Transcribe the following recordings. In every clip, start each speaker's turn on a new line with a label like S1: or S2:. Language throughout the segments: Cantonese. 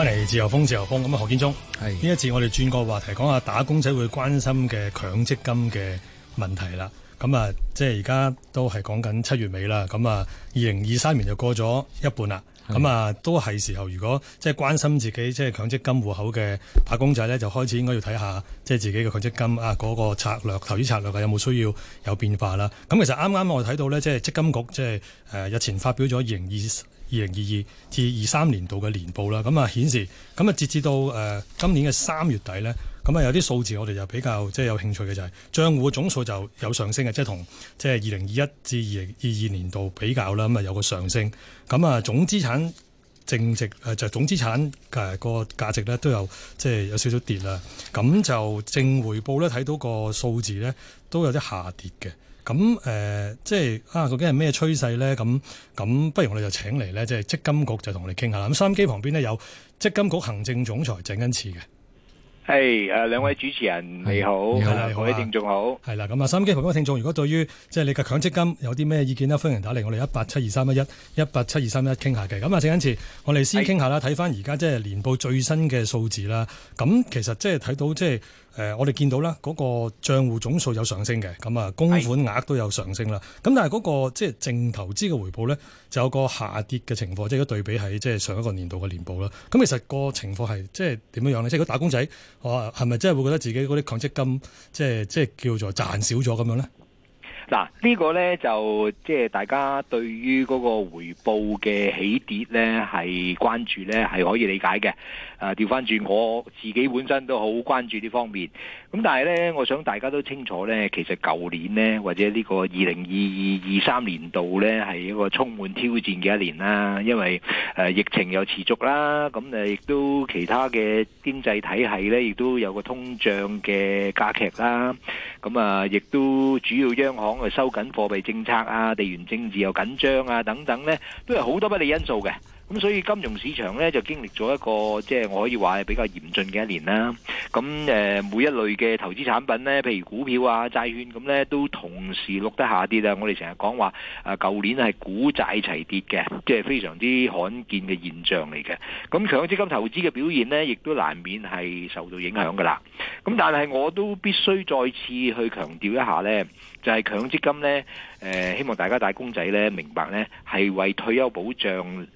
S1: 翻嚟自由風，自由風，咁啊，何建忠，係呢一次我哋轉個話題，講下打工仔會關心嘅強積金嘅問題啦。咁啊，即係而家都係講緊七月尾啦。咁啊，二零二三年就過咗一半啦。咁啊，都係時候，如果即係關心自己即係強積金戶口嘅打工仔咧，就開始應該要睇下，即係自己嘅強積金啊嗰個策略、投資策略有冇需要有變化啦。咁其實啱啱我睇到咧，即係積金局即係誒日前發表咗二零二二零二二至二三年度嘅年報啦，咁啊，顯示，咁啊截至到誒今年嘅三月底呢，咁啊有啲數字我哋就比較即係有興趣嘅就係帳戶總數就有上升嘅，即係同即係二零二一至二零二二年度比較啦，咁啊有個上升。咁啊總資產淨值誒就總資產誒個價值呢都有即係、就是、有少少跌啦。咁就淨回報呢，睇到個數字呢都有啲下跌嘅。咁誒、呃，即係啊，究竟係咩趨勢咧？咁咁，不如我哋就請嚟咧，即係積金局就同我哋傾下啦。咁收音機旁邊咧有積金局行政總裁鄭恩賜嘅。
S2: 係、hey, 誒、啊，兩位主持人好、啊、你好、啊，各位聽眾好。
S1: 係啦，咁啊，收音機旁邊嘅聽眾，如果對於即係你嘅強積金有啲咩意見咧，歡迎打嚟我哋一八七二三一一一八七二三一傾下嘅。咁啊，鄭恩賜，我哋先傾下啦，睇翻而家即係年報最新嘅數字啦。咁其實即係睇到即係。就是誒、呃，我哋見到啦，嗰、那個帳戶總數有上升嘅，咁啊，供款額都有上升啦。咁但係嗰、那個即係、就是、淨投資嘅回報咧，就有個下跌嘅情況，即係對比喺即係上一個年度嘅年報啦。咁其實個情況係即係點樣樣咧？即係如果打工仔，我係咪真係會覺得自己嗰啲強積金，即係即係叫做賺少咗咁樣咧？
S2: 嗱，呢個呢就即係、就是、大家對於嗰個回報嘅起跌呢係關注呢，係可以理解嘅。誒、啊，調翻轉我自己本身都好關注呢方面。咁但係呢，我想大家都清楚呢，其實舊年呢，或者呢個二零二二二三年度呢，係一個充滿挑戰嘅一年啦。因為、啊、疫情又持續啦，咁誒亦都其他嘅經濟體系呢，亦都有個通脹嘅加劇啦。咁啊，亦都主要央行，因為收緊貨幣政策啊，地緣政治又緊張啊，等等咧，都有好多不利因素嘅。咁所以金融市場咧就經歷咗一個即係、就是、我可以話比較嚴峻嘅一年啦。咁誒、呃，每一類嘅投資產品咧，譬如股票啊、債券咁咧，都同時錄得下跌啦。我哋成日講話啊，舊年係股債齊跌嘅，即、就、係、是、非常之罕見嘅現象嚟嘅。咁強積金投資嘅表現咧，亦都難免係受到影響噶啦。咁但係我都必須再次去強調一下咧，就係強積金咧誒、呃，希望大家打工仔咧明白咧，係為退休保障。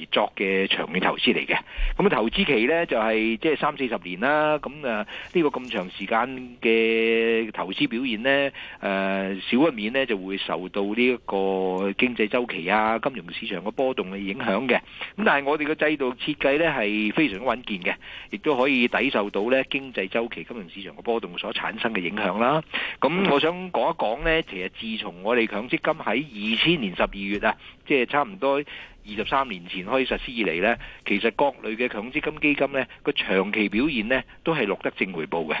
S2: 而作嘅長遠投資嚟嘅，咁啊投資期呢就係即係三四十年啦。咁啊呢個咁長時間嘅投資表現呢，誒、呃、少一面呢就會受到呢一個經濟周期啊、金融市場嘅波動嘅影響嘅。咁但係我哋嘅制度設計呢，係非常穩健嘅，亦都可以抵受到呢經濟周期、金融市場嘅波動所產生嘅影響啦。咁我想講一講呢，其實自從我哋強積金喺二千年十二月啊，即、就、係、是、差唔多。二十三年前開始實施以嚟，呢其實各類嘅強積金基金呢，個長期表現呢都係錄得正回報嘅。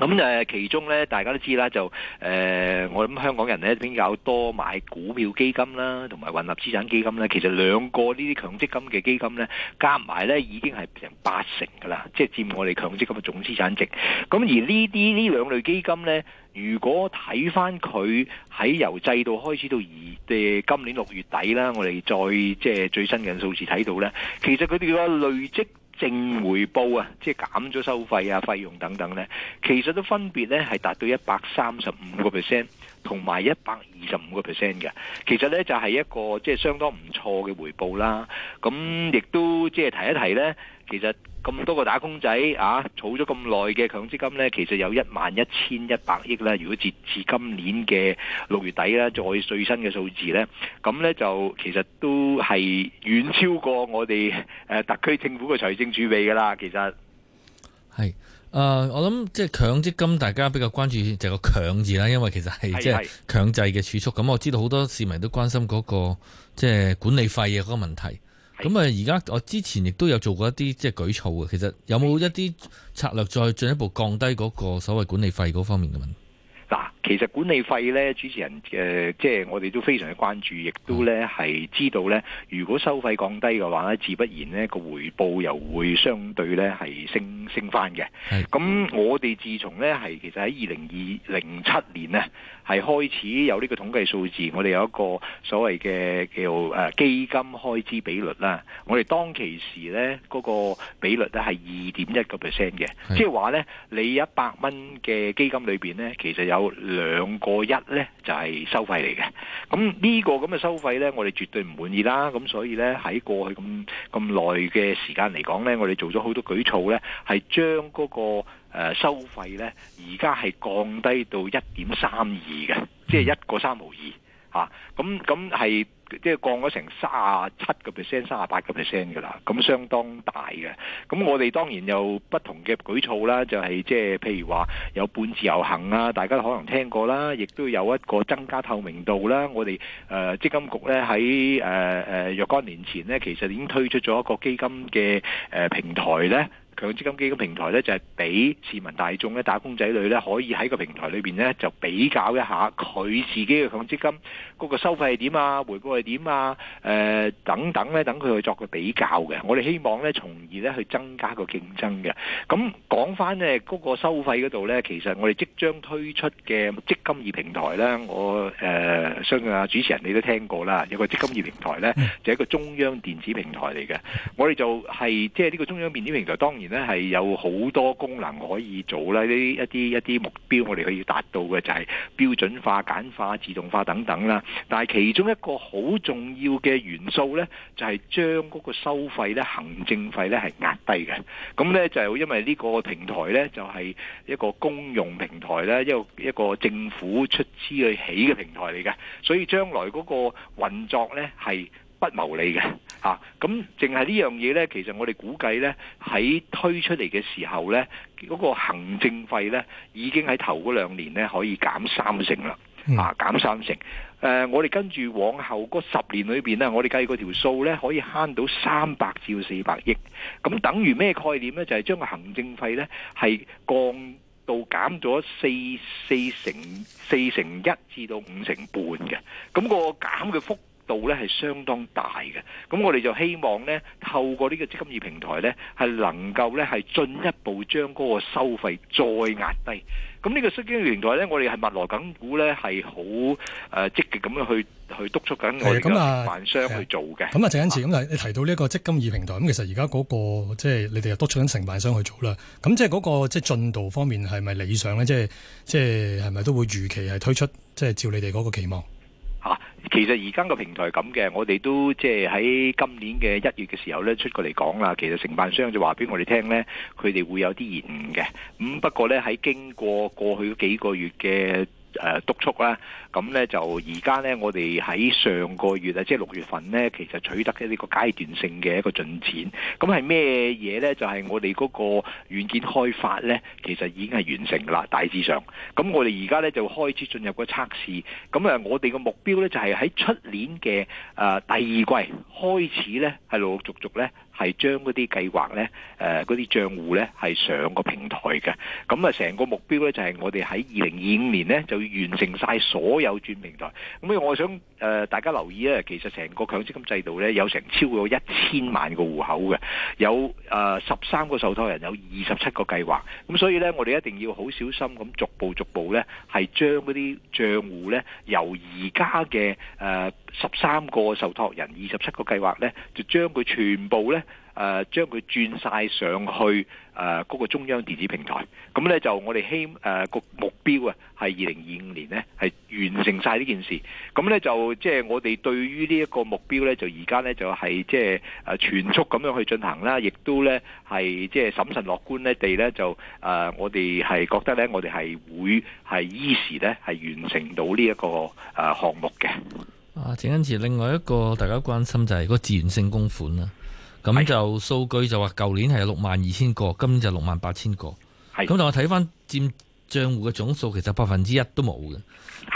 S2: 咁誒，其中咧，大家都知啦，就誒、呃、我諗香港人咧比較多買股票基金啦，同埋混合資產基金咧，其實兩個呢啲強積金嘅基金咧，加埋咧已經係成八成噶啦，即係佔我哋強積金嘅總資產值。咁而呢啲呢兩類基金咧，如果睇翻佢喺由制度開始到而誒今年六月底啦，我哋再即係最新嘅數字睇到咧，其實佢哋個累積。正回報啊，即係減咗收費啊、費用等等呢，其實都分別呢係達到一百三十五個 percent 同埋一百二十五個 percent 嘅，其實呢就係、是、一個即係、就是、相當唔錯嘅回報啦。咁亦都即係提一提呢。其實咁多個打工仔啊，儲咗咁耐嘅強積金咧，其實有一萬一千一百億啦。如果截至今年嘅六月底咧，再最新嘅數字咧，咁呢就其實都係遠超過我哋、啊、特區政府嘅財政儲備噶啦。其實
S3: 係誒、呃，我諗即係強積金，大家比較關注就係個強字啦，因為其實係即係強制嘅儲蓄。咁、嗯、我知道好多市民都關心嗰、那個即係、就是、管理費嘅嗰個問題。咁啊，而家我之前亦都有做過一啲即係舉措啊。其實有冇一啲策略再進一步降低嗰個所謂管理費嗰方面嘅問題？
S2: 其實管理費咧，主持人嘅、呃、即係我哋都非常之關注，亦都咧係知道咧，如果收費降低嘅話咧，自不然呢個回報又會相對咧係升升翻嘅。咁我哋自從咧係其實喺二零二零七年呢係開始有呢個統計數字，我哋有一個所謂嘅叫誒基金開支比率啦。我哋當其時咧嗰，那個比率咧係二點一個 percent 嘅，即係話咧你一百蚊嘅基金裏邊咧其實有，兩個一呢就係收費嚟嘅，咁呢個咁嘅收費呢，我哋絕對唔滿意啦。咁所以呢，喺過去咁咁耐嘅時間嚟講呢，我哋做咗好多舉措呢，係將嗰個、呃、收費呢而家係降低到一點三二嘅，即係一個三毫二嚇。咁咁係。即係降咗成三十七個 percent、三十八個 percent 嘅啦，咁相當大嘅。咁我哋當然有不同嘅舉措啦，就係即係譬如話有半自由行啊，大家都可能聽過啦，亦都有一個增加透明度啦。我哋誒積金局咧喺誒若干年前呢，其實已經推出咗一個基金嘅、呃、平台咧。強積金基金平台咧就係、是、俾市民大眾咧、打工仔女咧可以喺個平台裏邊咧就比較一下佢自己嘅強積金嗰個收費係點啊、回報係點啊、誒、呃、等等咧，等佢去作個比較嘅。我哋希望咧從而咧去增加個競爭嘅。咁講翻呢，嗰、那個收費嗰度咧，其實我哋即將推出嘅積金易平台咧，我誒、呃、相信啊主持人你都聽過啦，有個積金易平台咧就係、是、一個中央電子平台嚟嘅。我哋就係即係呢個中央電子平台，當然，咧係有好多功能可以做啦，呢一啲一啲目標我哋可以達到嘅就係標準化、簡化、自動化等等啦。但係其中一個好重要嘅元素呢，就係將嗰個收費呢，行政費呢係壓低嘅。咁呢，就因為呢個平台呢，就係一個公用平台啦，一個一個政府出資去起嘅平台嚟嘅，所以將來嗰個運作呢，係不牟利嘅。啊！咁淨係呢樣嘢呢，其實我哋估計呢，喺推出嚟嘅時候呢，嗰個行政費呢已經喺頭嗰兩年呢可以減三成啦。啊，減三成。誒、呃，我哋跟住往後嗰十年裏邊呢，我哋計嗰條數呢可以慳到三百至四百億。咁等於咩概念呢？就係將個行政費呢係降到減咗四四成四成一至到五成半嘅。咁個減嘅幅度咧係相當大嘅，咁我哋就希望咧透過呢個積金易平台咧，係能夠咧係進一步將嗰個收費再壓低。咁呢個積金易平台咧，我哋係密鑼緊鼓咧係好誒，積極咁樣去去督促緊我哋嘅辦商去做
S1: 嘅。咁啊，鄭恩賜咁啊，你提到呢個積金易平台，咁其實而家嗰個即係你哋又督促緊承辦商去做啦。咁即係嗰個即係進度方面係咪理想咧？即係即係係咪都會預期係推出即係照你哋嗰個期望？
S2: 其實而家個平台咁嘅，我哋都即係喺今年嘅一月嘅時候咧，出過嚟講啦。其實承辦商就話俾我哋聽咧，佢哋會有啲延誤嘅。咁不過咧，喺經過過去嗰幾個月嘅。督促啦，咁咧就而家咧，我哋喺上個月啊，即係六月份咧，其實取得一啲個階段性嘅一個進展。咁係咩嘢咧？就係、是、我哋嗰個軟件開發咧，其實已經係完成啦，大致上。咁我哋而家咧就開始進入個測試，咁啊，我哋嘅目標咧就係喺出年嘅誒、呃、第二季開始咧，係陸陸續續咧係將嗰啲計劃咧誒嗰啲賬戶咧係上個平台嘅。咁啊，成個目標咧就係、是、我哋喺二零二五年咧就。完成晒所有轉平台，咁啊，我想誒、呃、大家留意啊，其實成個強積金制度咧有成超過一千萬個戶口嘅，有誒十三個受託人，有二十七個計劃，咁所以咧我哋一定要好小心咁逐步逐步咧係將嗰啲賬戶咧由而家嘅誒十三個受託人、二十七個計劃咧就將佢全部咧誒、呃、將佢轉晒上去。誒、啊、嗰、那個中央電子平台，咁呢就我哋希誒個、啊、目標啊，係二零二五年呢係完成晒呢件事。咁呢就即係、就是、我哋對於呢一個目標呢，就而家呢就係即係誒全速咁樣去進行啦，亦都呢係即係審慎樂觀呢地呢，就誒、啊、我哋係覺得呢，我哋係會係依時呢係完成到呢一個誒項目嘅。
S3: 啊，鄭恩賜，另外一個大家關心就係個自願性供款啊。咁就數據就話舊年係六萬二千個，今年就六萬八千個。咁，但我睇翻佔帳戶嘅總數，其實百分之一都冇嘅。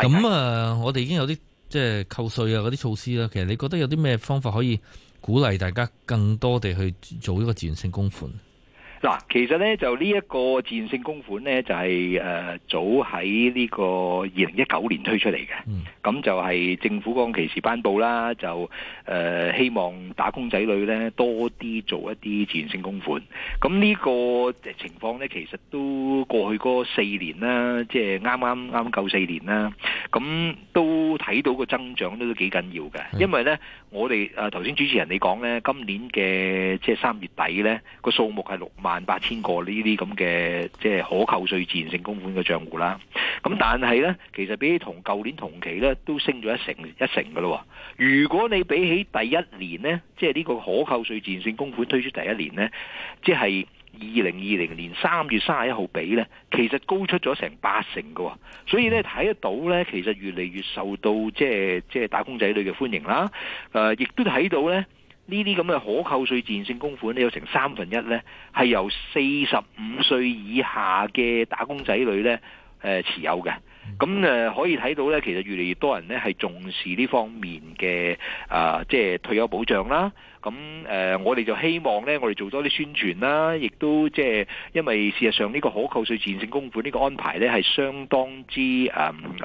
S3: 咁啊，我哋已經有啲即係扣稅啊嗰啲措施啦。其實你覺得有啲咩方法可以鼓勵大家更多地去做呢個自願性供款？
S2: 嗱，其實咧就呢一個自願性供款咧，就係、是呃、早喺呢個二零一九年推出嚟嘅，咁就係政府嗰期時頒布啦，就誒、呃、希望打工仔女咧多啲做一啲自願性供款。咁呢個情況咧，其實都過去嗰四年啦，即係啱啱啱夠四年啦，咁都睇到個增長都幾緊要嘅，因為咧。我哋啊，頭先主持人你講呢，今年嘅即係三月底呢，個數目係六萬八千個呢啲咁嘅即係可扣稅自願性供款嘅賬戶啦。咁但係呢，其實比起同舊年同期呢，都升咗一成一成噶咯。如果你比起第一年呢，即係呢個可扣稅自願性供款推出第一年呢，即係。二零二零年三月三十一號比呢，其實高出咗成八成㗎喎。哦，所以咧睇得到呢，其實越嚟越受到即係即係打工仔女嘅歡迎啦。亦、呃、都睇到呢，呢啲咁嘅可扣稅自願性供款呢，有成三分一呢，係由四十五歲以下嘅打工仔女呢、呃、持有嘅。咁、呃、可以睇到呢，其實越嚟越多人呢，係重視呢方面嘅、呃、即係退休保障啦。咁誒，我哋就希望咧，我哋做多啲宣傳啦，亦都即係，因為事實上呢個可扣稅自願性供款呢個安排咧，係相當之誒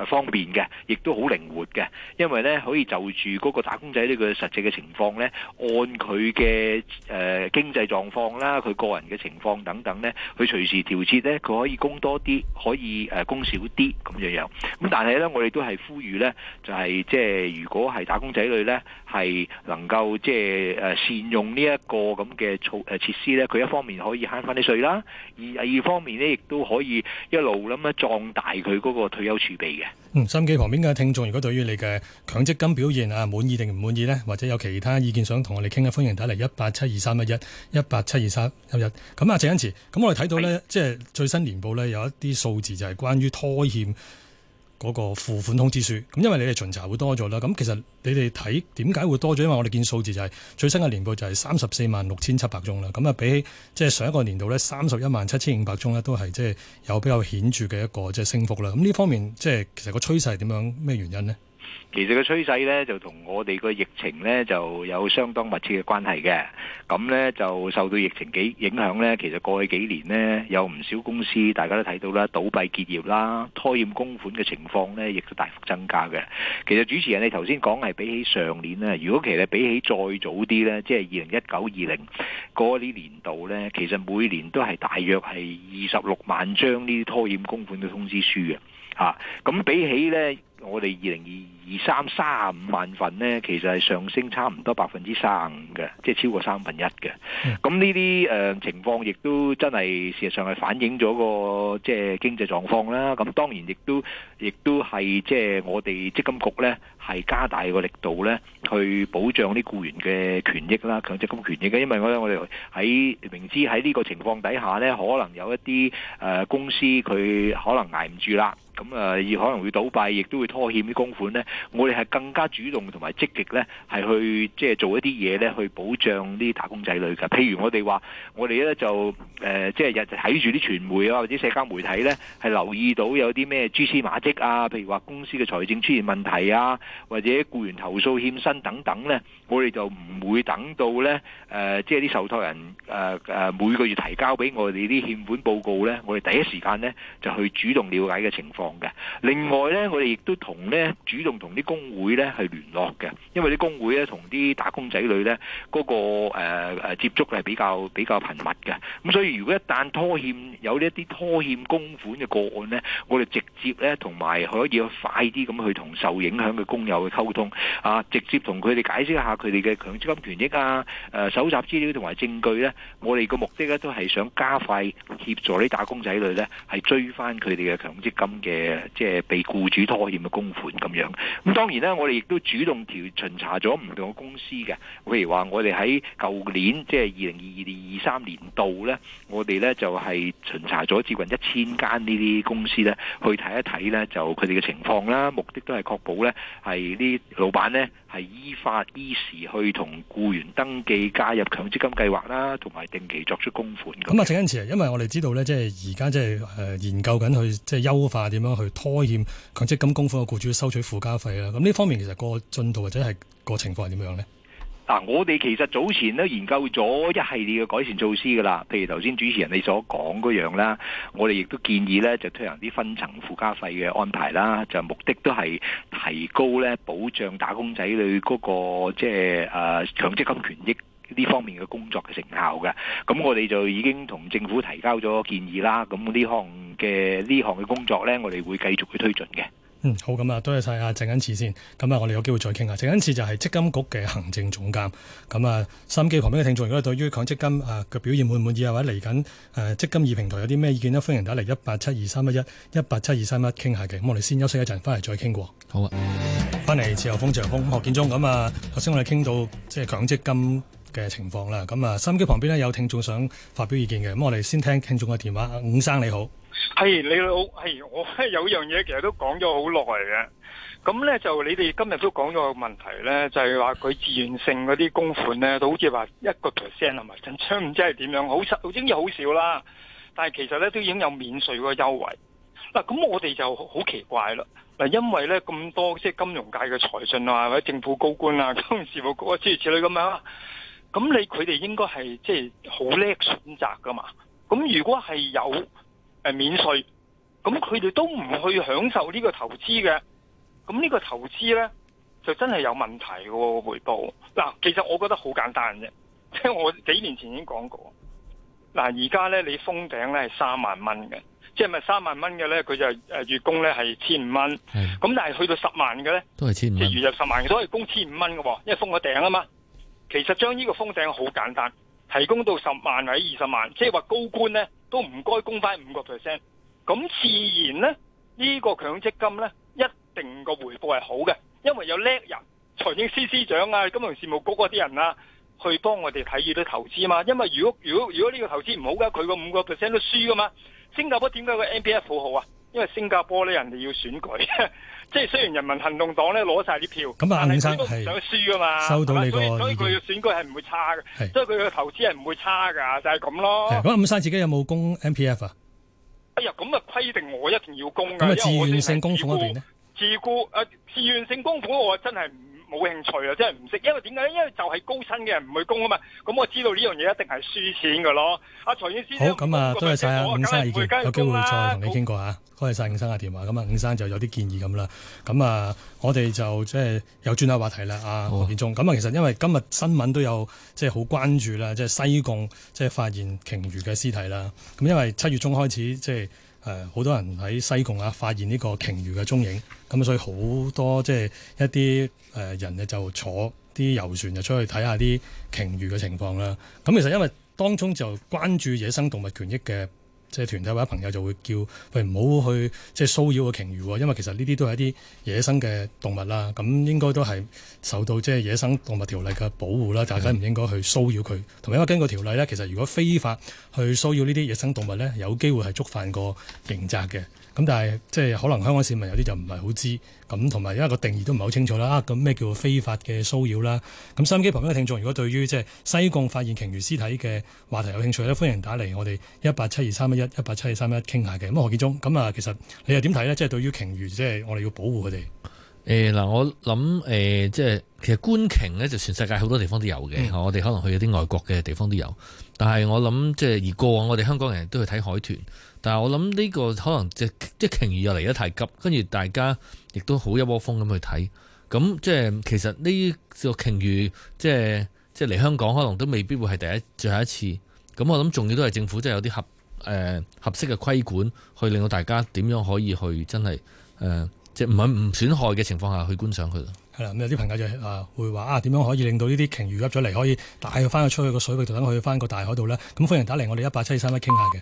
S2: 方便嘅，亦都好靈活嘅。因為咧，可以就住嗰個打工仔呢個實際嘅情況咧，按佢嘅誒經濟狀況啦，佢個人嘅情況等等咧，去隨時調節咧，佢可以供多啲，可以誒供少啲咁樣樣。咁但係咧，我哋都係呼籲咧，就係即係如果係打工仔女咧，係能夠即係誒，善用呢一個咁嘅措、誒設施呢，佢一方面可以慳翻啲稅啦，而二方面呢亦都可以一路咁樣，壯大佢嗰個退休儲備嘅。嗯，
S1: 收音機旁邊嘅聽眾，如果對於你嘅強積金表現啊滿意定唔滿意呢，或者有其他意見想同我哋傾嘅，歡迎打嚟一八七二三一一一八七二三一一。咁啊，鄭恩賜，咁我哋睇到呢，即係最新年報呢，有一啲數字就係關於拖欠。嗰個付款通知書，咁因為你哋巡查會多咗啦，咁其實你哋睇點解會多咗？因為我哋見數字就係最新嘅年報就係三十四萬六千七百宗啦，咁啊比起即係上一個年度呢，三十一萬七千五百宗呢，都係即係有比較顯著嘅一個即係升幅啦。咁呢方面即係其實個趨勢點樣？咩原因呢？
S2: 其實個趨勢咧就同我哋個疫情咧就有相當密切嘅關係嘅，咁咧就受到疫情幾影響咧。其實過去幾年呢，有唔少公司大家都睇到啦，倒閉結業啦，拖欠公款嘅情況咧，亦都大幅增加嘅。其實主持人你頭先講係比起上年咧，如果其實比起再早啲咧，即係二零一九二零嗰啲年度咧，其實每年都係大約係二十六萬張呢啲拖欠公款嘅通知書嘅，吓、啊、咁比起咧。我哋二零二二三三十五萬份呢，其實係上升差唔多百分之三十五嘅，即係超過三分一嘅。咁呢啲誒情況亦都真係事實上係反映咗個即係經濟狀況啦。咁當然亦都亦都係即係我哋積金局呢。係加大個力度咧，去保障啲僱員嘅權益啦，強積金權益嘅。因為我哋喺明知喺呢個情況底下呢，可能有一啲誒、呃、公司佢可能挨唔住啦，咁啊、呃、可能會倒閉，亦都會拖欠啲公款呢，我哋係更加主動同埋積極呢，係去即係、就是、做一啲嘢呢，去保障啲打工仔女㗎。譬如我哋話，我哋咧就誒即係日日睇住啲傳媒啊，或者社交媒體呢，係留意到有啲咩蛛絲馬跡啊，譬如話公司嘅財政出現問題啊。或者僱員投訴欠薪等等呢，我哋就唔會等到呢，誒，即係啲受託人誒誒，每個月提交俾我哋啲欠款報告呢，我哋第一時間呢就去主動了解嘅情況嘅。另外呢，我哋亦都同呢主動同啲工會呢去聯絡嘅，因為啲工會呢同啲打工仔女呢嗰個誒誒接觸係比較比較頻密嘅。咁所以如果一旦拖欠有呢一啲拖欠供款嘅個案呢，我哋直接呢同埋可以快啲咁去同受影響嘅工又去溝通啊，直接同佢哋解釋一下佢哋嘅強積金權益啊，誒、啊、蒐集資料同埋證據呢，我哋個目的呢都係想加快協助啲打工仔女呢，係追翻佢哋嘅強積金嘅即係被僱主拖欠嘅供款咁樣。咁、啊、當然啦，我哋亦都主動調巡查咗唔同嘅公司嘅，譬如話我哋喺舊年即係二零二二年二三年度呢，我哋呢就係、是、巡查咗接近一千間呢啲公司呢，去睇一睇呢就佢哋嘅情況啦，目的都係確保呢。係啲老闆呢，係依法依時去同僱員登記加入強積金計劃啦，同埋定期作出供
S1: 款。咁、嗯、啊，鄭恩賜啊，因為我哋知道呢，即係而家即係誒研究緊去即係優化點樣去拖欠強積金供款嘅僱主收取附加費啦。咁呢方面其實個進度或者係個情況係點樣呢？
S2: 嗱、啊，我哋其實早前都研究咗一系列嘅改善措施噶啦，譬如頭先主持人你所講嗰樣啦，我哋亦都建議咧就推行啲分層附加費嘅安排啦，就目的都係提高咧保障打工仔女嗰、那個即係誒強積金權益呢方面嘅工作嘅成效嘅。咁我哋就已經同政府提交咗建議啦，咁呢項嘅呢項嘅工作咧，我哋會繼續去推進嘅。
S1: 嗯，好，咁啊，多謝晒啊鄭恩賜先，咁啊，我哋有機會再傾下。鄭恩賜就係積金局嘅行政總監，咁啊，心機旁邊嘅聽眾，如果對於強積金啊嘅表現滿唔滿意啊，或者嚟緊誒積金二平台有啲咩意見咧，歡迎打嚟一八七二三一一，一八七二三一傾下嘅。咁我哋先休息一陣，翻嚟再傾過。好啊，翻嚟自由風自由 Phone，何建忠。咁啊，頭先我哋傾到即係強積金。嘅情況啦，咁啊，收音機旁邊咧有聽眾想發表意見嘅，咁我哋先聽聽眾嘅電話。伍生你好，
S4: 係你好，係我有樣嘢其實都講咗好耐嘅，咁咧就你哋今日都講咗個問題咧，就係話佢自願性嗰啲供款咧，都好似話一個 percent 同埋真係唔知係點樣，好少好少好少啦，但係其實咧都已經有免稅嘅優惠。嗱，咁我哋就好奇怪啦，嗱，因為咧咁多即係金融界嘅財訊啊，或者政府高官啊，咁事務局啊諸如此類咁樣。咁你佢哋應該係即係好叻選擇噶嘛？咁如果係有誒免稅，咁佢哋都唔去享受呢個投資嘅。咁呢個投資咧，就真係有問題喎。回報。嗱，其實我覺得好簡單啫，即係我幾年前已經講過。嗱，而家咧你封頂咧係三萬蚊嘅，即係咪三萬蚊嘅咧？佢就誒月供咧係千五蚊，咁但係去到十萬嘅咧，都
S3: 係千五蚊。月入十萬，都係
S4: 供千五蚊嘅，因為封個頂啊嘛。其實將呢個封頂好簡單，提供到十萬或者二十萬，即係話高官呢都唔該供翻五個 percent，咁自然呢，呢、呢個強積金呢，一定個回報係好嘅，因為有叻人，財政司司長啊、金融事務局嗰啲人啊，去幫我哋睇住啲投資嘛，因為如果如果如果呢個投資唔好嘅，佢個五個 percent 都輸㗎嘛，新加坡點解個 MPF 好好啊？因為新加坡咧，人哋要選舉，即係雖然人民行動黨咧攞晒啲票，嗯、但係呢個想輸啊嘛，收到你我所以佢嘅選舉係唔會差嘅，所以佢嘅投資係唔會差噶，就係、是、咁咯。咁啊，伍
S1: 生自己有冇供 MPF 啊？
S4: 哎呀，咁啊規定我一定要供噶，因為自願性供款嗰段咧，自顧誒、呃、自願性供款我真係唔。冇興趣啊！即係唔識，因為點解？因為就係高薪嘅人唔去供啊嘛。咁、嗯、我知道呢樣嘢一定係輸錢嘅咯。阿財軟先生，好咁啊，多謝曬伍生意見，有機會再
S1: 同你傾過吓。多謝晒伍生嘅電話。咁、嗯、啊，伍、嗯、生、嗯、就有啲建議咁啦。咁啊，我、嗯、哋、嗯嗯嗯、就即係有轉下話題啦。啊，何、嗯、建中，咁、嗯、啊，其實因為今日新聞都有即係好關注啦，即、就、係、是、西貢，即係發現鯨魚嘅屍體啦。咁、嗯嗯、因為七月中開始即係。就是誒好多人喺西貢啊，發現呢個鯨魚嘅蹤影，咁所以好多即係一啲誒人呢，就坐啲遊船就出去睇下啲鯨魚嘅情況啦。咁其實因為當中就關注野生動物權益嘅。即係團體或者朋友就會叫佢唔好去即係騷擾個鯨魚喎，因為其實呢啲都係一啲野生嘅動物啦，咁應該都係受到即係野生動物條例嘅保護啦，大家唔應該去騷擾佢。同埋因為根據條例呢，其實如果非法去騷擾呢啲野生動物呢，有機會係觸犯個刑責嘅。咁但係即係可能香港市民有啲就唔係好知，咁同埋因為個定義都唔係好清楚啦。咁啊咩叫非法嘅騷擾啦？咁收音機旁邊嘅聽眾，如果對於即係西貢發現鯨魚屍體嘅話題有興趣呢，歡迎打嚟我哋一八七二三一一一八七二三一一傾下嘅。咁何建中，咁啊其實你又點睇呢？即係對於鯨魚，即係我哋要保護佢哋。
S3: 誒、呃、嗱，我諗誒，即、呃、係其實觀鯨呢，就全世界好多地方都有嘅、嗯。我哋可能去啲外國嘅地方都有，但係我諗即係而過往，我哋香港人都去睇海豚。但係我諗呢個可能即係即係鯨魚又嚟得太急，跟住大家亦都好一窩蜂咁去睇。咁即係其實呢個鯨魚即係即係嚟香港，可能都未必會係第一最後一次。咁我諗重要都係政府真係有啲合誒、呃、合適嘅規管，去令到大家點樣可以去真係誒。呃即唔係唔損害嘅情況下去觀賞佢
S1: 咯，係啦。咁有啲朋友就會啊，會話啊，點樣可以令到呢啲鯨魚入咗嚟，可以帶佢翻去出去個水度，等佢翻個大海度呢？咁歡迎打嚟我哋一八七二三一傾下嘅。